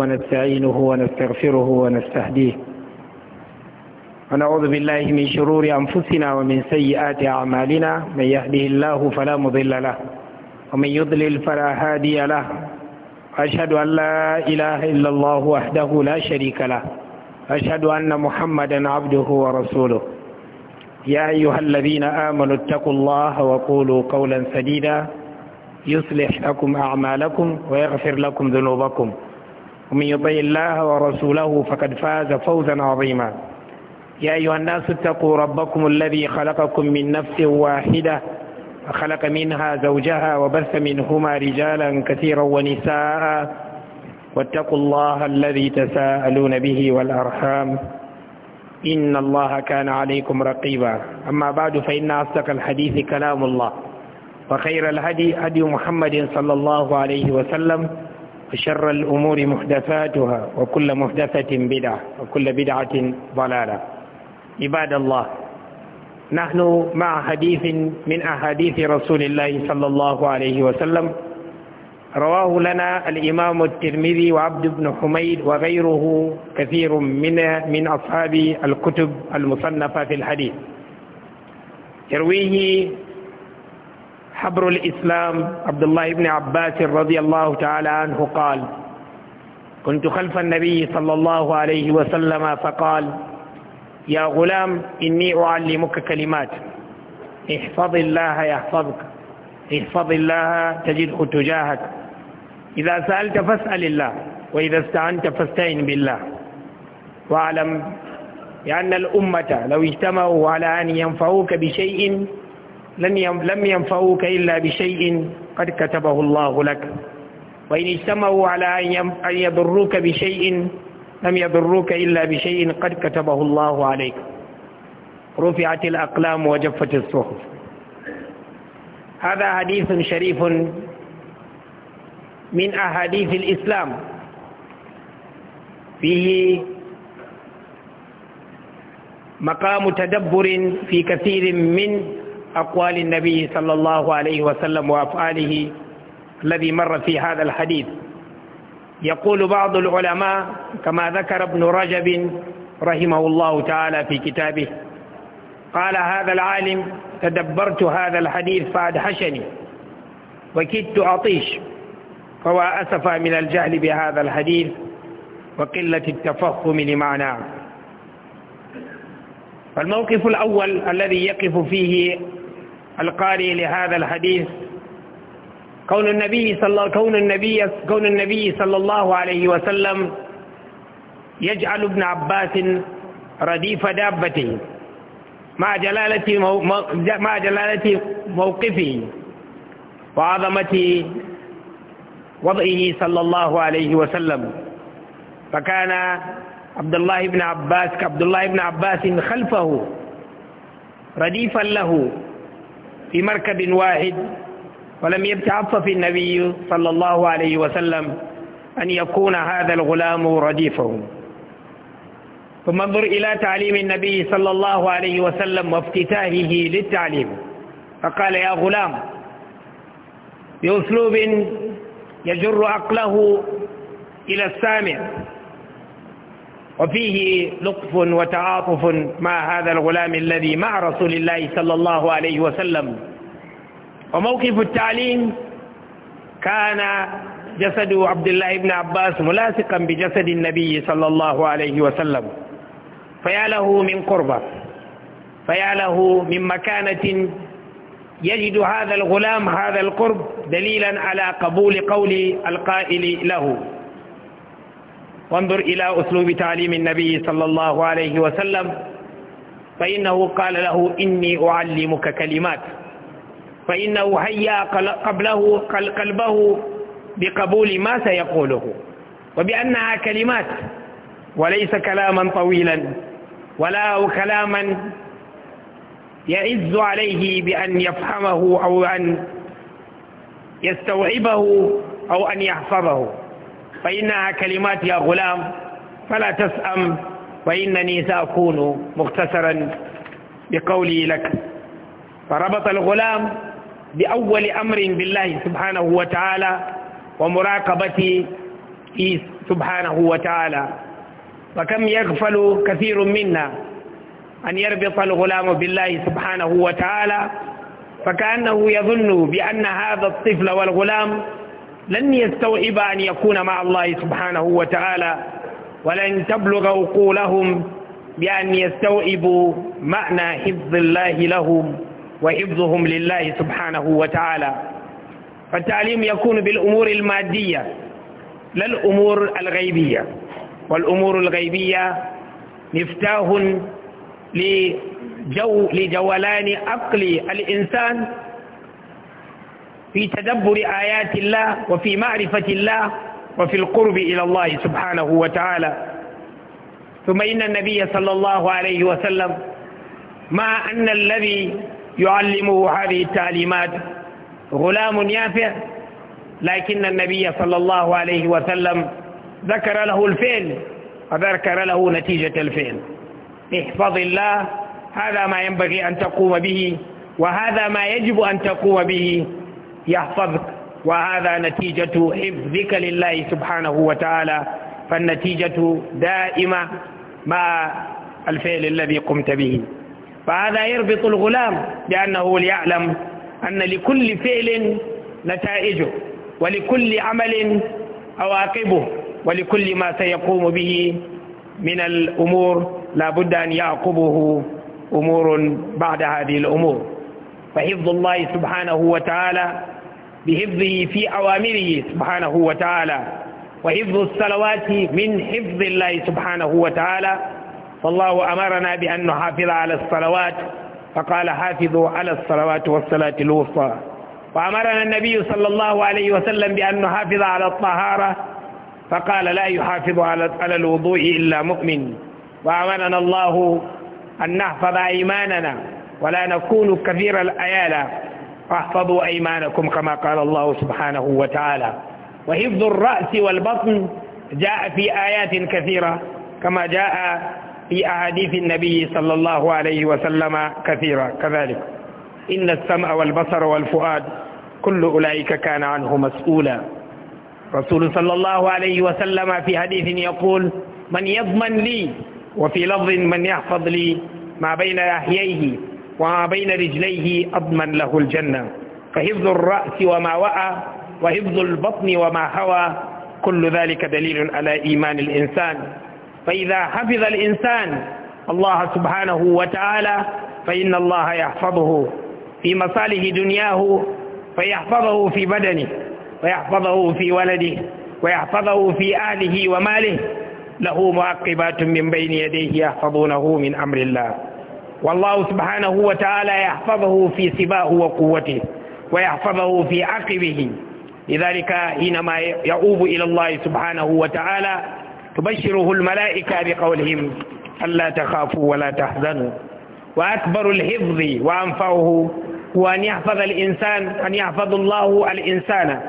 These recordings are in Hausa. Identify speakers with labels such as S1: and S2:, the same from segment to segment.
S1: ونستعينه ونستغفره ونستهديه ونعوذ بالله من شرور أنفسنا ومن سيئات أعمالنا من يهده الله فلا مضل له ومن يضلل فلا هادي له أشهد أن لا إله إلا الله وحده لا شريك له أشهد أن محمدا عبده ورسوله يا أيها الذين آمنوا اتقوا الله وقولوا قولا سديدا يصلح لكم أعمالكم ويغفر لكم ذنوبكم ومن يطع الله ورسوله فقد فاز فوزا عظيما يا أيها الناس اتقوا ربكم الذي خلقكم من نفس واحدة وخلق منها زوجها وبث منهما رجالا كثيرا ونساء واتقوا الله الذي تساءلون به والأرحام إن الله كان عليكم رقيبا أما بعد فإن أصدق الحديث كلام الله وخير الهدي هدي محمد صلى الله عليه وسلم وشر الأمور محدثاتها وكل محدثة بدعة وكل بدعة ضلالة عباد الله نحن مع حديث من أحاديث رسول الله صلى الله عليه وسلم رواه لنا الإمام الترمذي وعبد بن حميد وغيره كثير من من أصحاب الكتب المصنفة في الحديث يرويه حبر الإسلام عبد الله بن عباس رضي الله تعالى عنه قال كنت خلف النبي صلى الله عليه وسلم فقال يا غلام إني أعلمك كلمات احفظ الله يحفظك احفظ الله تجده تجاهك إذا سألت فاسأل الله وإذا استعنت فاستعن بالله واعلم بأن الأمة لو اجتمعوا على أن ينفعوك بشيء لم ينفعوك إلا بشيء قد كتبه الله لك وإن اجتمعوا على أن يضروك بشيء لم يضروك إلا بشيء قد كتبه الله عليك رفعت الأقلام وجفت الصحف هذا حديث شريف من أحاديث الإسلام فيه مقام تدبر في كثير من أقوال النبي صلى الله عليه وسلم وأفعاله الذي مر في هذا الحديث يقول بعض العلماء كما ذكر ابن رجب رحمه الله تعالى في كتابه قال هذا العالم تدبرت هذا الحديث فأدهشني وكدت أطيش فوا أسف من الجهل بهذا الحديث وقلة التفهم لمعناه فالموقف الأول الذي يقف فيه القارئ لهذا الحديث كون النبي صلى كون النبي كون النبي صلى الله عليه وسلم يجعل ابن عباس رديف دابته مع جلالة مع جلالة موقفه وعظمة وضعه صلى الله عليه وسلم فكان عبد الله بن عباس كعبد الله بن عباس خلفه رديفا له في مركب واحد ولم يتعطف النبي صلى الله عليه وسلم أن يكون هذا الغلام رديفه ثم انظر إلى تعليم النبي صلى الله عليه وسلم وافتتاحه للتعليم فقال يا غلام بأسلوب يجر عقله إلى السامع وفيه لطف وتعاطف مع هذا الغلام الذي مع رسول الله صلى الله عليه وسلم وموقف التعليم كان جسد عبد الله بن عباس ملاصقا بجسد النبي صلى الله عليه وسلم فيا له من قربة فيا له من مكانة يجد هذا الغلام هذا القرب دليلا على قبول قول القائل له وانظر إلى أسلوب تعليم النبي صلى الله عليه وسلم فإنه قال له إني أعلمك كلمات فإنه هيا قبله قلبه بقبول ما سيقوله وبأنها كلمات وليس كلاما طويلا ولا كلاما يعز عليه بأن يفهمه أو أن يستوعبه أو أن يحفظه فإنها كلمات يا غلام فلا تسأم فإنني سأكون مختصرا بقولي لك فربط الغلام بأول أمر بالله سبحانه وتعالى فيه سبحانه وتعالى وكم يغفل كثير منا أن يربط الغلام بالله سبحانه وتعالى فكأنه يظن بأن هذا الطفل والغلام لن يستوعب أن يكون مع الله سبحانه وتعالى ولن تبلغ عقولهم بأن يستوعبوا معنى حفظ الله لهم وحفظهم لله سبحانه وتعالى فالتعليم يكون بالأمور المادية لا الأمور الغيبية والأمور الغيبية مفتاح لجو لجولان عقل الإنسان في تدبر آيات الله وفي معرفة الله وفي القرب إلى الله سبحانه وتعالى ثم إن النبي صلى الله عليه وسلم مع أن الذي يعلمه هذه التعليمات غلام يافع لكن النبي صلى الله عليه وسلم ذكر له الفعل وذكر له نتيجة الفعل احفظ الله هذا ما ينبغي أن تقوم به وهذا ما يجب أن تقوم به يحفظك وهذا نتيجة حفظك لله سبحانه وتعالى فالنتيجة دائمة مع الفعل الذي قمت به فهذا يربط الغلام بأنه ليعلم أن لكل فعل نتائجه ولكل عمل عواقبه ولكل ما سيقوم به من الأمور لا بد أن يعقبه أمور بعد هذه الأمور فحفظ الله سبحانه وتعالى بحفظه في أوامره سبحانه وتعالى وحفظ الصلوات من حفظ الله سبحانه وتعالى فالله أمرنا بأن نحافظ على الصلوات فقال حافظوا على الصلوات والصلاة الوسطى وأمرنا النبي صلى الله عليه وسلم بأن نحافظ على الطهارة فقال لا يحافظ على الوضوء إلا مؤمن وأمرنا الله أن نحفظ أيماننا ولا نكون كثير الأيالة فاحفظوا أيمانكم كما قال الله سبحانه وتعالى وحفظ الرأس والبطن جاء في آيات كثيرة كما جاء في أحاديث النبي صلى الله عليه وسلم كثيرة كذلك إن السمع والبصر والفؤاد كل أولئك كان عنه مسؤولا رسول صلى الله عليه وسلم في حديث يقول من يضمن لي وفي لفظ من يحفظ لي ما بين احييه وما بين رجليه أضمن له الجنة فحفظ الرأس وما وعى وحفظ البطن وما هوى كل ذلك دليل على إيمان الإنسان فإذا حفظ الإنسان الله سبحانه وتعالى فإن الله يحفظه في مصالح دنياه فيحفظه في بدنه ويحفظه في ولده ويحفظه في أهله وماله له معقبات من بين يديه يحفظونه من أمر الله والله سبحانه وتعالى يحفظه في سباه وقوته ويحفظه في عقبه لذلك حينما يعوب إلى الله سبحانه وتعالى تبشره الملائكة بقولهم ألا تخافوا ولا تحزنوا وأكبر الحفظ وأنفعه هو أن يحفظ الإنسان أن يحفظ الله الإنسان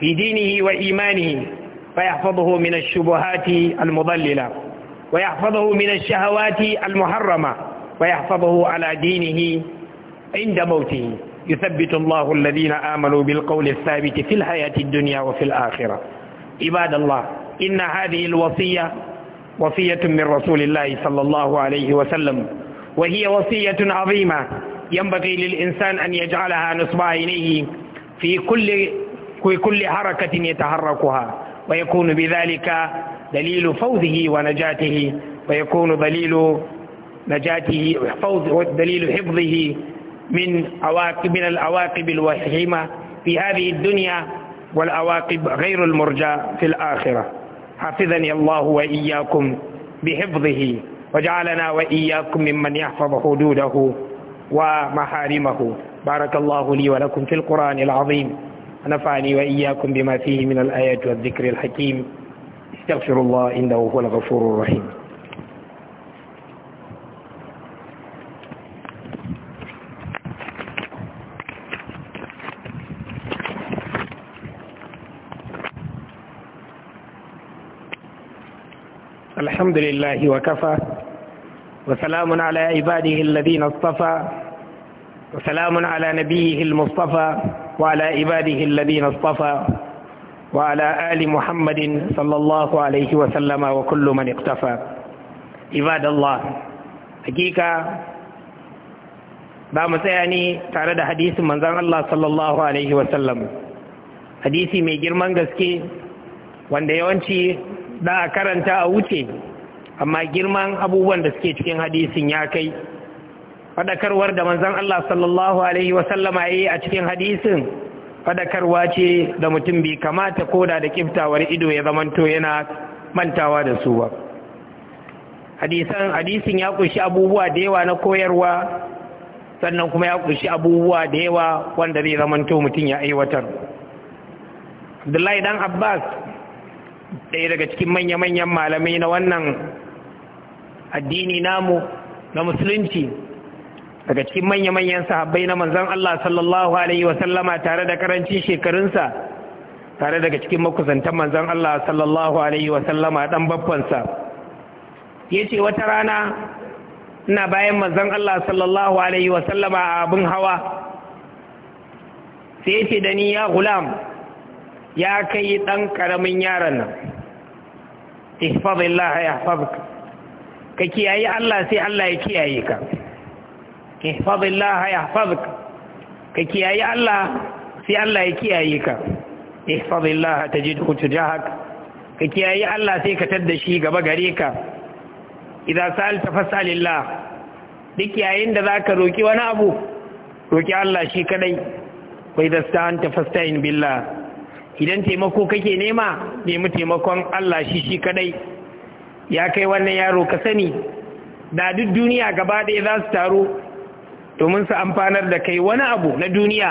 S1: في دينه وإيمانه فيحفظه من الشبهات المضللة ويحفظه من الشهوات المحرمة ويحفظه على دينه عند موته يثبت الله الذين آمنوا بالقول الثابت في الحياة الدنيا وفي الآخرة عباد الله إن هذه الوصية وصية من رسول الله صلى الله عليه وسلم وهي وصية عظيمة ينبغي للإنسان أن يجعلها نصب عينيه في كل في كل حركة يتحركها ويكون بذلك دليل فوزه ونجاته ويكون دليل نجاته وحفظ والدليل حفظه من عواقب من العواقب الوحيمة في هذه الدنيا والعواقب غير المرجى في الآخرة حفظني الله وإياكم بحفظه وجعلنا وإياكم ممن يحفظ حدوده ومحارمه بارك الله لي ولكم في القرآن العظيم ونفعني وإياكم بما فيه من الآيات والذكر الحكيم استغفر الله إنه هو الغفور الرحيم الحمد لله وكفى وسلام على عباده الذين اصطفى وسلام على نبيه المصطفى وعلى عباده الذين اصطفى وعلى آل محمد صلى الله عليه وسلم وكل من اقتفى عباد الله حقيقة ba mu tsaya ne tare da hadisin manzan Allah sallallahu Alaihi wasallam hadisi mai girman gaske wanda yawanci da a karanta a wuce amma girman abubuwan da suke cikin hadisin ya kai fadakarwar da manzon Allah sallallahu alaihi wasallama yayi a cikin hadisin fadakarwa ce da mutum bai kamata koda da kiftawar ido ya zamanto yana mantawa da su ba hadisan hadisin ya ƙunshi abubuwa da yawa na koyarwa sannan kuma ya kunshi abubuwa da yawa wanda zai zamanto mutum ya aiwatar Abdullahi dan Abbas ɗaya daga cikin manya-manyan malamai na wannan addini namu na musulunci daga cikin manya-manyan sahabbai na manzan Allah sallallahu Alaihi wasallama tare da karancin shekarunsa tare daga cikin makusantan manzan Allah sallallahu Alaihi wasallama ɗan babbansa ya ce wata rana ina bayan manzan Allah sallallahu Alaihi wasallama a abin hawa sai ya ce da ni ya gulam ya kai ɗan ƙaramin yaran nan ihfazillah ya hafazka ka kiyaye Allah sai Allah ya kiyaye ka ihfazillah yahfazuk ka kiyaye Allah sai Allah ya kiyaye ka ihfazillah tajidhu tujahak ka kiyaye Allah sai ka tadda shi gaba gare ka idza sa'alta fas'alillah duk yayin da zaka roki wani abu roki Allah shi kadai wa idza sta'anta fasta'in billah idan taimako kake nema nemi taimakon Allah shi shi kadai ya kai wannan yaro ka sani da duk duniya gaba ɗaya za su taru domin su amfanar da kai wani abu na duniya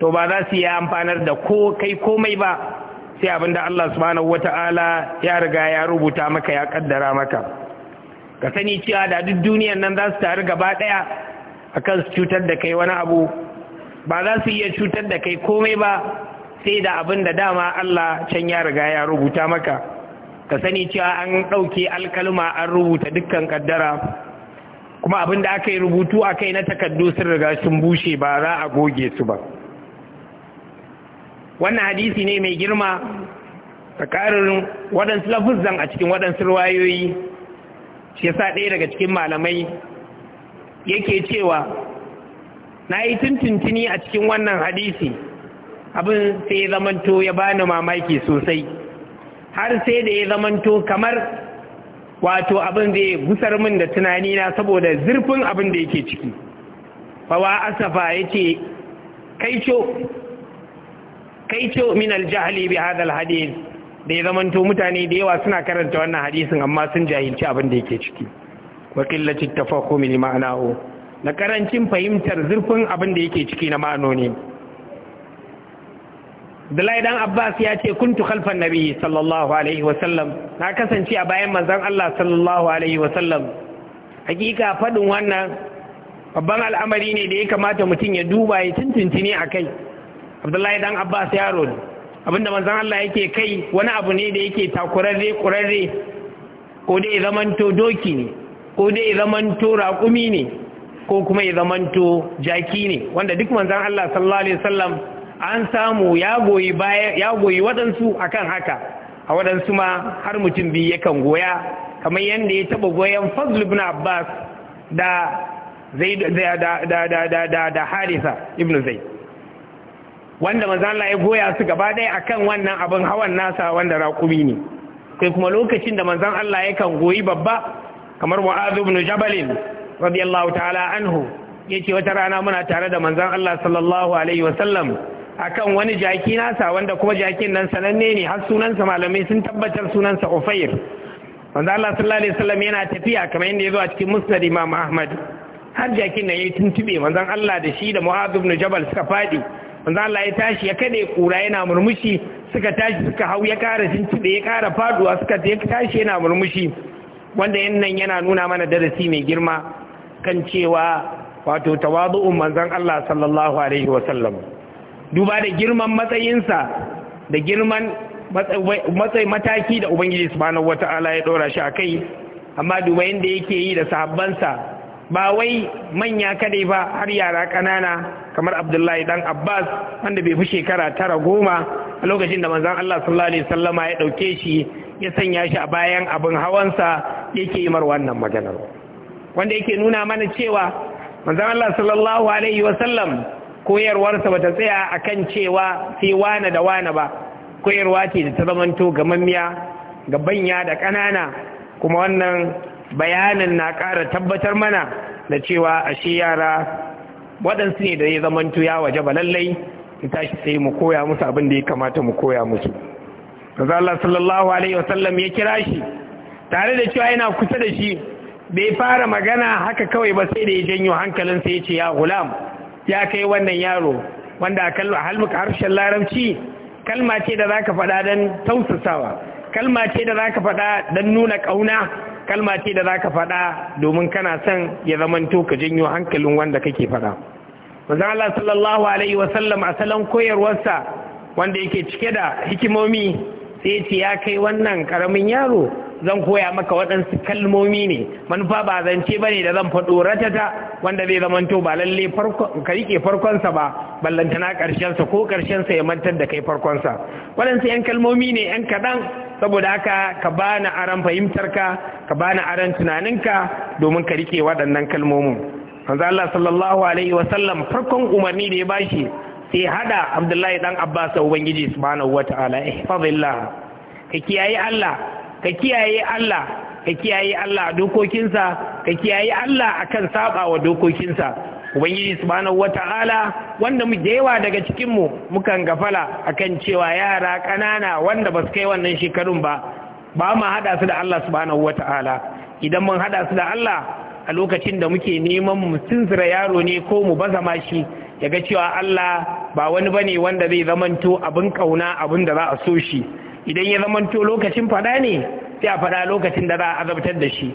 S1: to ba za su yi amfanar da ko kai komai ba sai abin da Allah subhanahu wata'ala ya riga ya rubuta maka ya kaddara maka ka sani cewa da duk duniyan nan za su taru gaba ɗaya akan su cutar da kai wani abu ba za su iya cutar da kai komai ba sai da abin da dama Allah can ya riga ya rubuta maka ka sani cewa an ɗauke alkalma an rubuta dukkan kaddara kuma abin da aka yi rubutu a kai na takardu sun riga sun bushe ba za a goge su ba wannan hadisi ne mai girma tsakarin waɗansu lafuzan a cikin waɗansu ruwayoyi shi sa ɗaya daga cikin malamai yake cewa na yi tuntuntuni a cikin wannan hadisi abin sai ya zamanto ya bani mamaki sosai har sai da ya zamanto kamar wato abin zai gusar min da tunani na saboda zurfin abin da yake ciki fawa asafa yace kai kaico min aljahali bi hadha alhadith da ya zamanto mutane da yawa suna karanta wannan hadisin amma sun jahilci abin da yake ciki wa qillati tafahumi li na karancin fahimtar zurfin abin da yake ciki na ma'anoni Abdullahi dan Abbas ya ce kuntu khalfan nabi sallallahu alaihi wasallam na kasance a bayan manzon Allah sallallahu alaihi wasallam hakika fadin wannan babban al'amari ne da ya kamata mutum ya duba ya tuntuntuni a kai Abdullahi dan Abbas yaro ne abinda manzon Allah yake kai wani abu ne da yake takurarre kurarre ko dai zamanto doki ne ko dai zamanto raƙumi ne ko kuma ya zamanto jaki ne wanda duk manzon Allah sallallahu alaihi wasallam an samu ya goyi waɗansu a kan haka a waɗansu ma har mutum biyu yakan goya kamar yadda ya taɓa goyon fazl ibn abbas da da harisa ibn zai wanda mazala ya goya su gaba ɗaya akan wannan abin hawan nasa wanda raƙumi ne kai kuma lokacin da manzan Allah ya kan goyi babba kamar mu'azu ibn jabalin radiyallahu ta'ala anhu yace wata rana muna tare da manzan Allah sallallahu alaihi wasallam akan wani jaki nasa wanda kuma jakin nan sananne ne har sunansa malamai sun tabbatar sunansa Ufair wanda Allah sallallahu alaihi wasallam yana tafiya kamar yadda ya zo a cikin Musnad Imam Ahmad har jakin nan yayi tuntube manzon Allah da shi da Mu'adh ibn Jabal suka fadi manzon Allah ya tashi ya kade kura yana murmushi suka tashi suka hau ya kara tuntube ya kara faduwa suka tashi yana murmushi wanda yannan yana nuna mana darasi mai girma kan cewa wato tawadu'un manzon Allah sallallahu alaihi wasallam duba da girman matsayinsa da girman matsayi mataki da ubangiji subhanahu wata'ala ya dora shi a kai amma duba yanda yake yi da sahabbansa ba wai manya kadai ba har yara kanana kamar abdullahi dan abbas wanda bai fi shekara tara goma a lokacin da manzon allah sallallahu alaihi wasallama ya dauke shi ya sanya shi a bayan abin hawansa yake yi mar wannan maganar wanda yake nuna mana cewa manzon allah sallallahu alaihi wasallam koyarwarsa ba ta tsaya a kan cewa sai wane da wane ba koyarwa ce da ta zamanto mamiya ga banya da ƙanana kuma wannan bayanin na ƙara tabbatar mana da cewa ashe yara waɗansu ne da ya zamanto ya waje ba lallai ya tashi sai mu koya musu abin da ya kamata mu koya musu ya kira shi tare da cewa yana kusa da shi bai fara magana haka kawai ba sai da ya janyo hankalinsa ya ce ya gulam ya kai wannan yaro wanda a kallo halmuka harshen larabci kalma ce da za ka faɗa don tausasawa kalma ce da za ka faɗa don nuna ƙauna kalma ce da za ka faɗa domin kana son ya zamanto ka janyo hankalin wanda kake faɗa manzon Allah sallallahu alaihi wasallam a salon koyarwarsa wanda yake cike da hikimomi sai ya kai wannan ƙaramin yaro zan koya maka waɗansu kalmomi ne manufa ba zance ba ne da zan faɗo ratata wanda zai zamanto ba lalle ka riƙe farkonsa ba ƙarshen ƙarshensa ko ƙarshensa ya mantar da kai farkonsa waɗansu 'yan kalmomi ne 'yan kaɗan saboda haka ka ba aran fahimtarka ka ba bani aran tunaninka domin ka riƙe waɗannan kalmomin manzo Allah sallallahu alaihi wa sallam farkon umarni da ya bashi sai hada Abdullahi dan Abbas ubangiji subhanahu wataala ihfazillah ka kiyaye Allah ka kiyaye Allah ka kiyaye Allah a dokokinsa ka kiyaye Allah akan saba wa dokokinsa ubangiji subhanahu wata'ala wanda mu da yawa daga cikin mu mukan gafala akan cewa yara ƙanana wanda ba su kai wannan shekarun ba ba mu hada su da Allah subhanahu wata'ala idan mun hada su da Allah a lokacin da muke neman mu zira yaro ne ko mu baza mashi ya ga cewa Allah ba wani bane wanda zai zamanto abin kauna abin da za a so shi idan ya zamanto lokacin fada ne sai a fada lokacin da za a azabtar da shi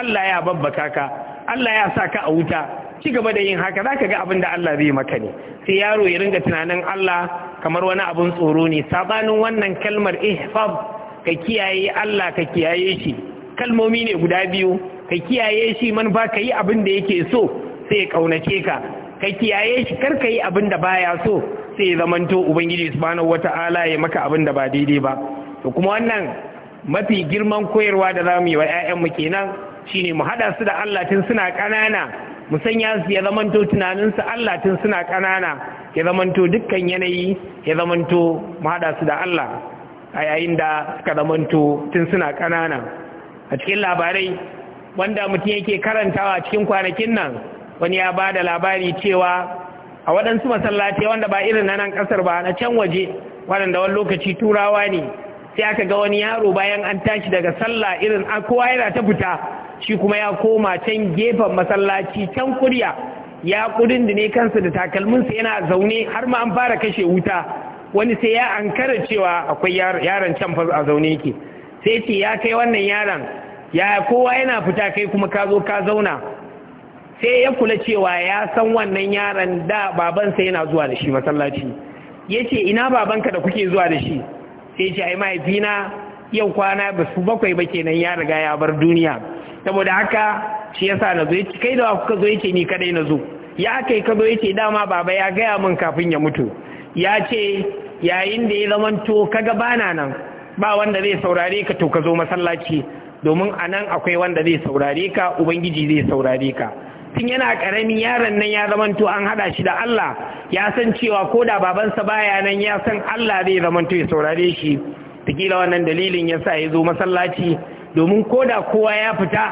S1: Allah ya babbaka ka Allah ya sa ka a wuta ci gaba da yin haka zaka ga abin da Allah zai maka ne sai yaro ya ringa tunanin Allah kamar wani abin tsoro ne sabanin wannan kalmar ihfab ka kiyaye Allah ka kiyaye shi kalmomi ne guda biyu ka kiyaye shi man ba ka yi abin da yake so sai ya kaunace ka kai kiyaye shi kar ka yi abin da baya so sai ya zamanto ubangiji subhanahu wata'ala ya maka abin da ba daidai ba to kuma wannan mafi girman koyarwa da zamu yi wa mu kenan shine mu hada su da Allah tun suna ƙanana mu sanya su ya zamanto tunanin su Allah tun suna ƙanana ya zamanto dukkan yanayi ya zamanto mu hada su da Allah a yayin da suka zamanto tun suna ƙanana a cikin labarai wanda mutum yake karantawa cikin kwanakin nan wani ya ba da labari cewa a waɗansu masallatai wanda ba irin na nan ƙasar ba na can waje waɗanda wani lokaci turawa ne sai aka ga wani yaro bayan an tashi daga sallah irin a kowa yana ta fita shi kuma ya koma can gefen masallaci can kurya ya kudin da ne kansa da takalminsa yana zaune har ma an fara kashe wuta wani sai ya ankara cewa akwai yaron can fa a zaune yake sai ce ya kai wannan yaron ya kowa yana fita kai kuma ka zo ka zauna sai ya kula cewa ya san wannan yaron da babansa yana zuwa da shi masallaci ya ce ina babanka da kuke zuwa da shi sai ce ai mahaifina yau kwana ba su bakwai ba kenan ya riga ya bar duniya saboda haka shi yasa na zo yace kai da kuka zo yace ni kadai na zo ya kai ka zo yace dama baba ya gaya min kafin ya mutu ya ce yayin da ya zamanto kaga bana nan ba wanda zai saurare ka to ka zo masallaci domin anan akwai wanda zai saurare ka ubangiji zai saurare ka tun yana karami yaron nan ya zamanto an haɗa shi da Allah ya san cewa ko da babansa baya nan ya san Allah zai zamanto ya saurare shi tikila wannan dalilin yasa ya zo masallaci domin ko da kowa ya fita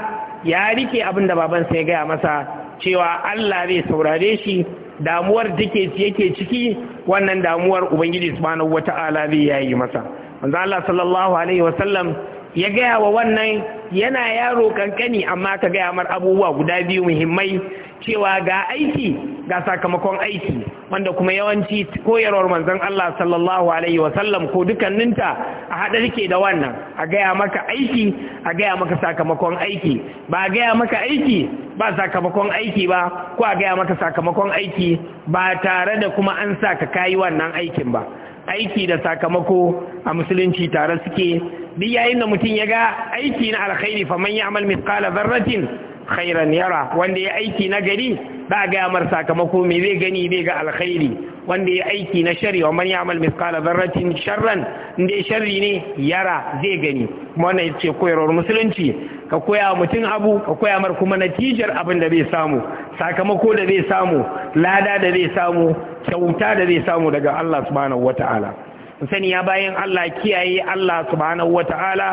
S1: ya rike abin da babansa ya gaya masa cewa Allah zai saurare shi damuwar take yake ciki wannan damuwar ubangiji subhanahu wata'ala zai yayi masa manzo Allah sallallahu alaihi wasallam ya gaya wa wannan yana yaro kankani amma ka gaya mar abubuwa guda biyu muhimmai cewa ga aiki ga sakamakon aiki wanda kuma yawanci koyarwar manzon Allah sallallahu alaihi wasallam ko dukanninta a haɗa ke da wannan a gaya maka aiki a gaya maka sakamakon aiki ba a gaya maka aiki ba sakamakon aiki ba ko a gaya maka sakamakon aiki ba tare da kuma an sa ka kayi wannan aikin ba aiki da sakamako a musulunci tare suke duk yayin da mutum ya ga aiki na alkhairi fa man ya'mal mithqala dharratin khairan yara wanda ya aiki na gari ba ga yamar sakamako me zai gani zai ga alkhairi wanda ya aiki na shari wa man ya'mal mithqala dharratin sharran inda sharri ne yara zai gani kuma wannan yace koyarwar musulunci ka koya mutum abu ka koya mar kuma natijar abin da zai samu sakamako da zai samu lada da zai samu kyauta da zai samu daga Allah subhanahu wataala sani ya bayan Allah kiyaye Allah subhanahu wata'ala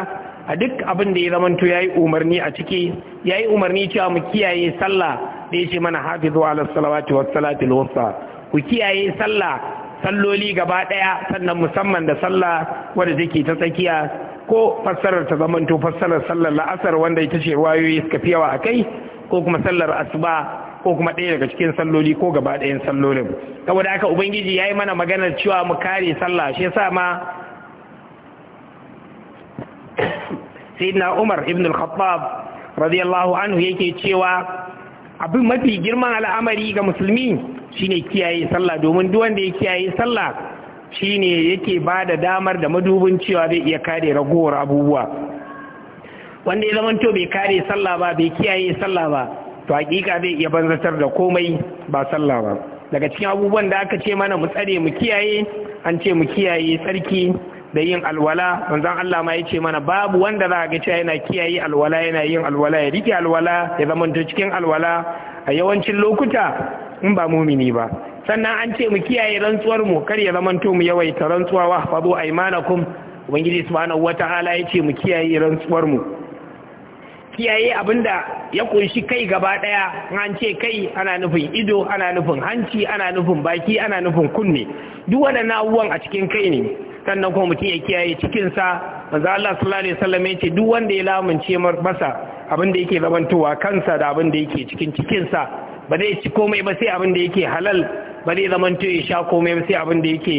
S1: a duk abin da ya zamanto yayi umarni a ciki yayi umarni cewa mu kiyaye sallah da yace mana hafizu ala salawati was salatil wusta ku kiyaye sallah salloli gaba daya sannan musamman da sallah wadda take ta tsakiya ko fassarar ta zamanto fassarar sallar la'asar wanda ita ce wayoyi suka fi yawa akai ko kuma sallar asuba ko kuma ɗaya daga cikin salloli ko gaba ɗayan sallolin saboda haka ubangiji ya yi mana maganar cewa mu kare sallah shi sa ma sayyidina umar ibn al-khattab radiyallahu anhu yake cewa abin mafi girman al'amari ga musulmi shine kiyaye sallah domin duk wanda ya kiyaye sallah shine yake ba da damar da madubin cewa zai iya kare ragowar abubuwa wanda ya zama to bai kare sallah ba bai kiyaye sallah ba to hakika zai iya banzatar da komai ba sallah ba daga cikin abubuwan da aka ce mana mu tsare mu kiyaye an ce mu kiyaye tsarki da yin alwala manzon Allah ma yace mana babu wanda za ga cewa yana kiyaye alwala yana yin alwala ya rike alwala ya zama cikin alwala a yawancin lokuta in ba mumini ba sannan an ce mu kiyaye rantsuwar mu kar ya zama mu yawaita rantsuwa wa fadu aymanakum ubangiji subhanahu wataala yace mu kiyaye rantsuwar mu kiyaye abinda ya kunshi kai gaba daya an ce kai ana nufin ido ana nufin hanci ana nufin baki ana nufin kunne duk waɗannan abubuwan a cikin kai ne sannan kuma mutum ya kiyaye cikinsa manzo Allah sallallahu alaihi wasallam ya ce duk wanda ya lamunce masa abin da yake zamantowa kansa da abin da yake cikin cikinsa ba zai ci komai ba sai abin da yake halal ba zai zamanto ya sha komai ba sai abin da yake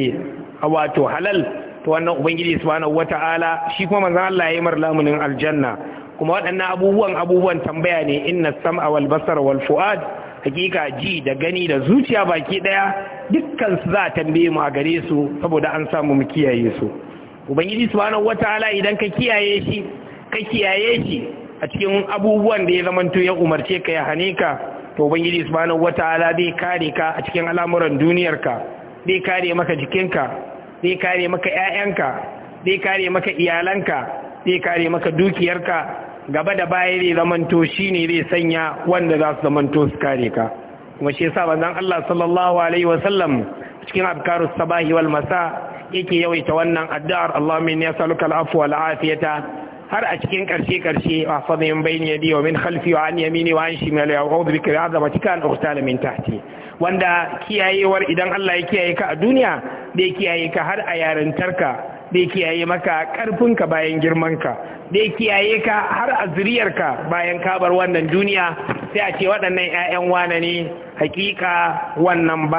S1: wato halal to wannan ubangiji subhanahu wataala shi kuma manzo Allah ya yi mar lamunin aljanna kuma waɗannan abubuwan abubuwan tambaya ne inna sam'a wal basar wal fu'ad hakika ji da gani da zuciya baki daya dukkan su za a tambaye mu a gare su saboda an samu mu kiyaye su ubangiji subhanahu wataala idan ka kiyaye shi ka kiyaye shi a cikin abubuwan da ya zamanto ya umarce ka ya hane ka to ubangiji subhanahu wataala zai kare ka a cikin al'amuran duniyarka zai kare maka jikinka zai kare maka ka. zai kare maka iyalanka zai kare maka dukiyarka gaba da baya zai zamanto shi ne zai sanya wanda za su zamanto su kare ka kuma shi yasa manzon Allah sallallahu alaihi cikin abkarus sabahi wal masa yake yawaita wannan addu'ar Allahumma inni as'aluka al wal afiyata har a cikin karshe karshe wa fadhin bayni yadi wa min khalfi wa an yamini wa an shimali wa a'udhu bika an uqtala min tahti wanda kiyayewar idan Allah ya kiyaye ka a duniya zai kiyaye ka har a yarantarka da kiyaye maka ƙarfinka bayan girmanka da dai kiyaye ka har a ka bayan kabar wannan duniya sai a ce waɗannan 'ya'yan wane ne hakika wannan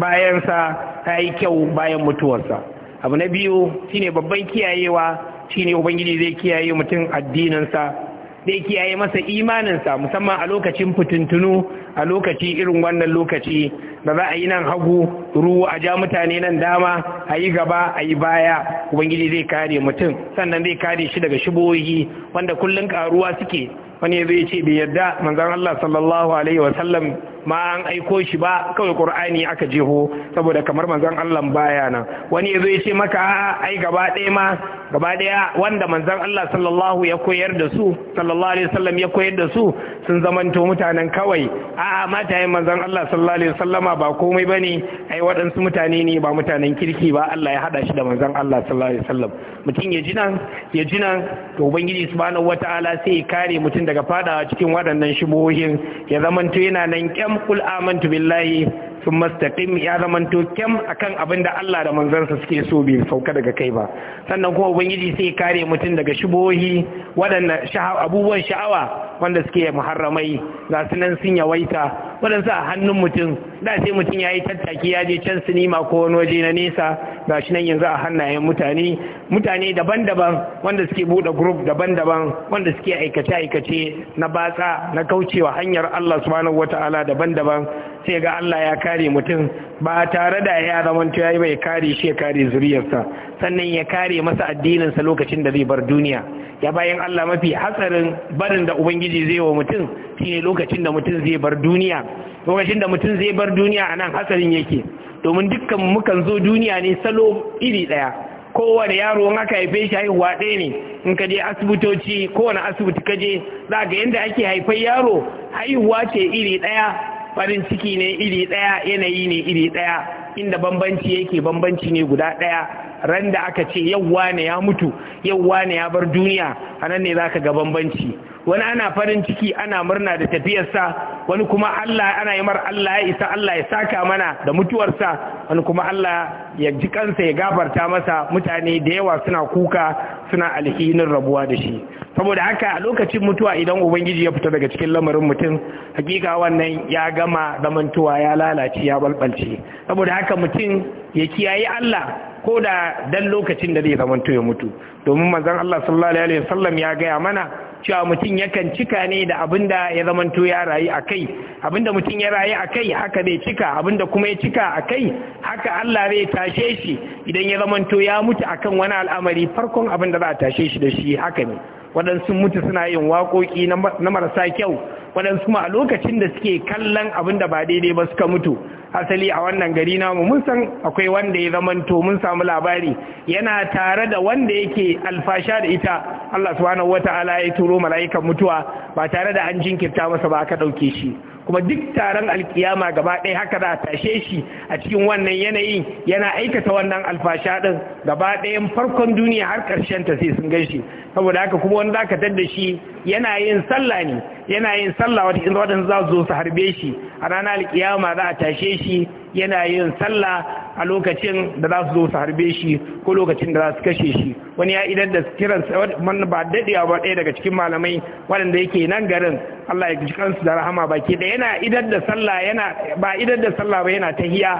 S1: bayansa ta yi kyau bayan mutuwarsa abu na biyu shine babban kiyayewa shine ubangiji zai kiyaye mutum addininsa zai kiyaye masa imaninsa musamman a lokacin fitintunu a lokaci irin wannan lokaci da za a yi nan hagu ruwa a ja mutane nan dama a yi gaba a yi baya ubangiji zai kare mutum sannan zai kare shi daga shibohi wanda kullum karuwa suke wani ya zai ce bai yarda manzan Allah sallallahu alaihi wasallam ma an aiko shi ba kawai qur'ani aka jeho saboda kamar manzon Allah baya nan wani yazo ya ce maka ai gaba ɗaya ma gaba ɗaya wanda manzon Allah sallallahu ya koyar da su sallallahu alaihi wasallam ya koyar da su sun zamanto mutanen kawai a'a mataye manzon Allah sallallahu alaihi wasallama ba komai bane ai waɗansu mutane ne ba mutanen kirki ba Allah ya hada shi da manzon Allah sallallahu alaihi wasallam mutum ya ji nan ya ji nan to ubangiji subhanahu wataala sai ya kare mutum daga fadawa cikin waɗannan shubuhohin ya zamanto yana nan kyam kul amantu billahi sun mastaƙim ya zamanto kyam akan abin da Allah da manzansa suke so bai sauka daga kai ba sannan kuma ubangiji sai kare mutum daga shubohi waɗanda abubuwan sha'awa wanda suke muharramai ga su nan sun yawaita waɗansu a hannun mutum da sai mutum ya yi tattaki ya je can sinima ko wani waje na nesa ga shi nan yanzu a hannayen mutane mutane daban-daban wanda suke buɗe group daban-daban wanda suke aikace-aikace na batsa na kaucewa hanyar Allah subhanahu wata'ala daban-daban sai ga Allah ya kare mutum ba tare da ya zama ya yi bai kare shi ya kare zuriyarsa sannan ya kare masa addinin sa lokacin da zai bar duniya ya bayan Allah mafi hatsarin barin da ubangiji zai wa mutum shine lokacin da mutum zai bar duniya lokacin da mutum zai bar duniya anan hatsarin yake domin dukkan mukan zo duniya ne salo iri daya kowane yaro in aka haife shi haihuwa ɗaya ne in ka je asibitoci kowane asibiti ka je za ga yadda ake haifar yaro haihuwa ce iri ɗaya farin ciki ne iri ɗaya yanayi ne iri ɗaya inda bambanci yake bambanci ne guda ɗaya ran da aka ce yauwa ne ya mutu yauwa ne ya bar duniya a nan ne za ka ga bambanci wani ana farin ciki ana murna da tafiyarsa wani kuma Allah ana yi mar Allah ya isa Allah ya saka mana da mutuwarsa wani kuma Allah ya ji kansa ya gafarta masa mutane da yawa suna kuka suna alhinin rabuwa da shi saboda haka a lokacin mutuwa idan ubangiji ya fita daga cikin lamarin mutum hakika wannan ya gama zamantuwa ya lalace ya balbalce saboda haka mutum ya kiyaye Allah ko da dan lokacin da zai zamanto ya mutu domin manzon Allah sallallahu alaihi wasallam ya gaya mana cewa mutum yakan cika ne da abin da ya zamanto ya rayu a kai abin da mutum ya rayu a kai haka zai cika abin da kuma ya cika a kai haka Allah zai tashe shi idan ya zamanto ya mutu a kan wani al'amari farkon abin da za a tashe shi da shi haka ne waɗansu mutu suna yin waƙoƙi na marasa kyau waɗansu kuma a lokacin da suke kallon abin da ba daidai ba suka mutu asali a wannan gari namu mun san akwai wanda ya zamanto mun samu labari yana tare da wanda yake alfasha da ita Allah subhanahu wataala ya yi turo mala'ikan mutuwa ba tare da an jinkirta masa ba aka ɗauke shi kuma duk taron alkiyama gaba ɗaya haka za a tashe shi a cikin wannan yanayin yana aikata wannan alfasha ɗin gaba ɗayan farkon duniya har ƙarshen ta sai sun gan shi saboda haka kuma wani za ka tadda shi yana yin sallah ne yana yin sallah wata waɗanda za zo su harbe shi a ranar alkiyama za a tashe shi yana yin sallah a lokacin da za su zo su harbe shi ko lokacin da za su kashe shi wani ya idan da kiran wani ba daɗewa ba ɗaya daga cikin malamai waɗanda yake nan garin Allah ya ji kansu da rahama baki da yana idan da sallah yana ba idan da sallah ba yana tahiya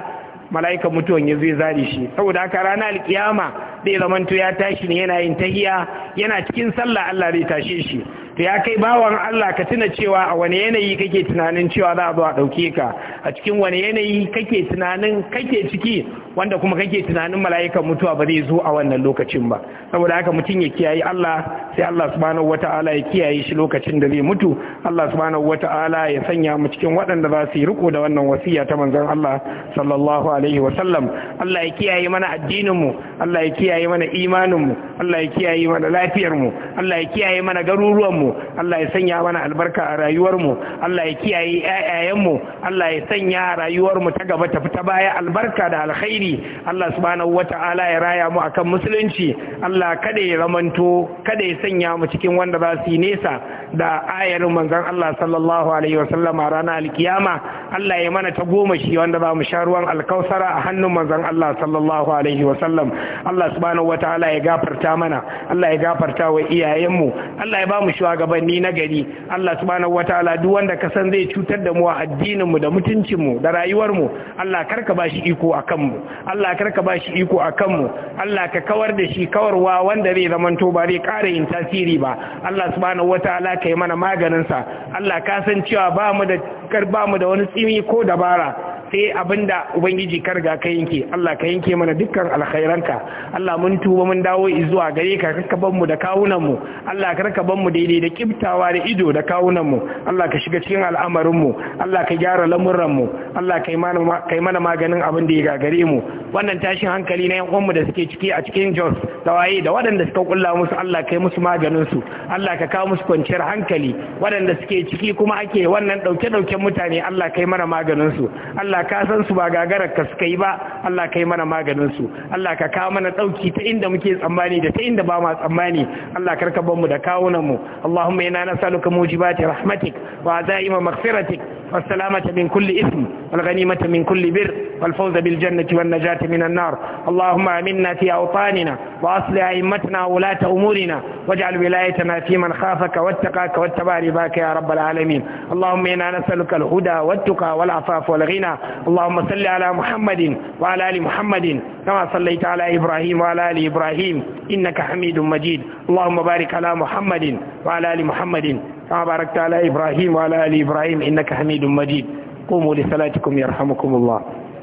S1: mala'ikan mutuwan ya zai zari shi saboda haka ranar alkiyama zai zamanto ya tashi ne yana yin tahiya yana cikin sallah Allah zai tashe shi ya kai bawan Allah ka tuna cewa a wani yanayi kake tunanin cewa za a zo a ɗauke ka a cikin wani yanayi kake tunanin kake ciki wanda kuma kake tunanin mala'ikan mutuwa ba zai zo a wannan lokacin ba saboda haka mutum ya kiyaye Allah sai Allah subhanahu wata'ala ya kiyaye shi lokacin da zai mutu Allah subhanahu wata'ala ya sanya mu cikin waɗanda za su yi riko da wannan wasiya ta manzon Allah sallallahu alaihi wa sallam Allah ya kiyaye mana addinin mu Allah ya kiyaye mana imanin mu Allah ya kiyaye mana lafiyar mu Allah ya kiyaye mana garuruwan mu Allah ya sanya mana albarka a rayuwar mu Allah ya kiyaye ƴaƴayen mu Allah ya sanya rayuwar mu ta gaba ta fita baya albarka da alkhairi alheri Allah subhanahu ta'ala ya raya mu akan musulunci Allah kada ya zamanto kada ya sanya mu cikin wanda za su yi nesa da ayar manzan Allah sallallahu alaihi wasallam a ranar alkiyama Allah ya mana ta goma shi wanda za mu sha ruwan alkausara a hannun manzan Allah sallallahu alaihi wasallam Allah subhanahu ya gafarta mana Allah ya gafarta wa iyayenmu Allah ya ba mu shugabanni na gari Allah subhanahu wataala duk wanda ka san zai cutar da mu a addinin mu da mutuncin mu da rayuwar mu Allah karka shi iko akan mu Allah karka bashi iko akan mu Allah ka kawar da shi kawarwa wanda zai zamanto ba zai ƙara yin tasiri ba Allah subhanahu wataala ka yi mana maganinsa Allah ka san cewa ba mu da ba mu da wani tsimi ko dabara sai abinda ubangiji ka riga ka yanke Allah ka yanke mana dukkan alkhairanka Allah mun tuba mun dawo zuwa gare ka karka ban mu da kawunan mu Allah karka ban mu daidai da kibtawa da ido da kawunan mu Allah ka shiga cikin al'amarin mu Allah ka gyara lamuran mu Allah yi mana kai mana maganin abin da ya gagare mu wannan tashin hankali na yan uwan mu da suke ciki a cikin Jos tawaye da waɗanda suka kulla musu Allah kai musu maganin su Allah ka kawo musu kwanciyar hankali waɗanda suke ciki kuma ake wannan ɗauke ɗauken mutane Allah kai mana maganin su Allah ka san su ba gagarar ka suka yi ba Allah kai mana maganin su Allah ka kawo mana ɗauki ta inda muke tsammani da ta inda ba ma tsammani Allah karka ban mu da kawunan mu Allahumma inna nas'aluka mujibati rahmatik wa azaima maghfiratik والسلامة من كل إثم والغنيمة من كل بر والفوز بالجنة والنجاة من النار اللهم أمنا في أوطاننا وأصل أئمتنا ولاة أمورنا واجعل ولايتنا في من خافك واتقاك واتبع رباك يا رب العالمين اللهم إنا نسألك الهدى والتقى والعفاف والغنى اللهم صل على محمد وعلى آل محمد كما صليت على إبراهيم وعلى آل إبراهيم إنك حميد مجيد اللهم بارك على محمد وعلى آل محمد كما باركت على إبراهيم وعلى آل إبراهيم إنك حميد مجيد قوموا لصلاتكم يرحمكم الله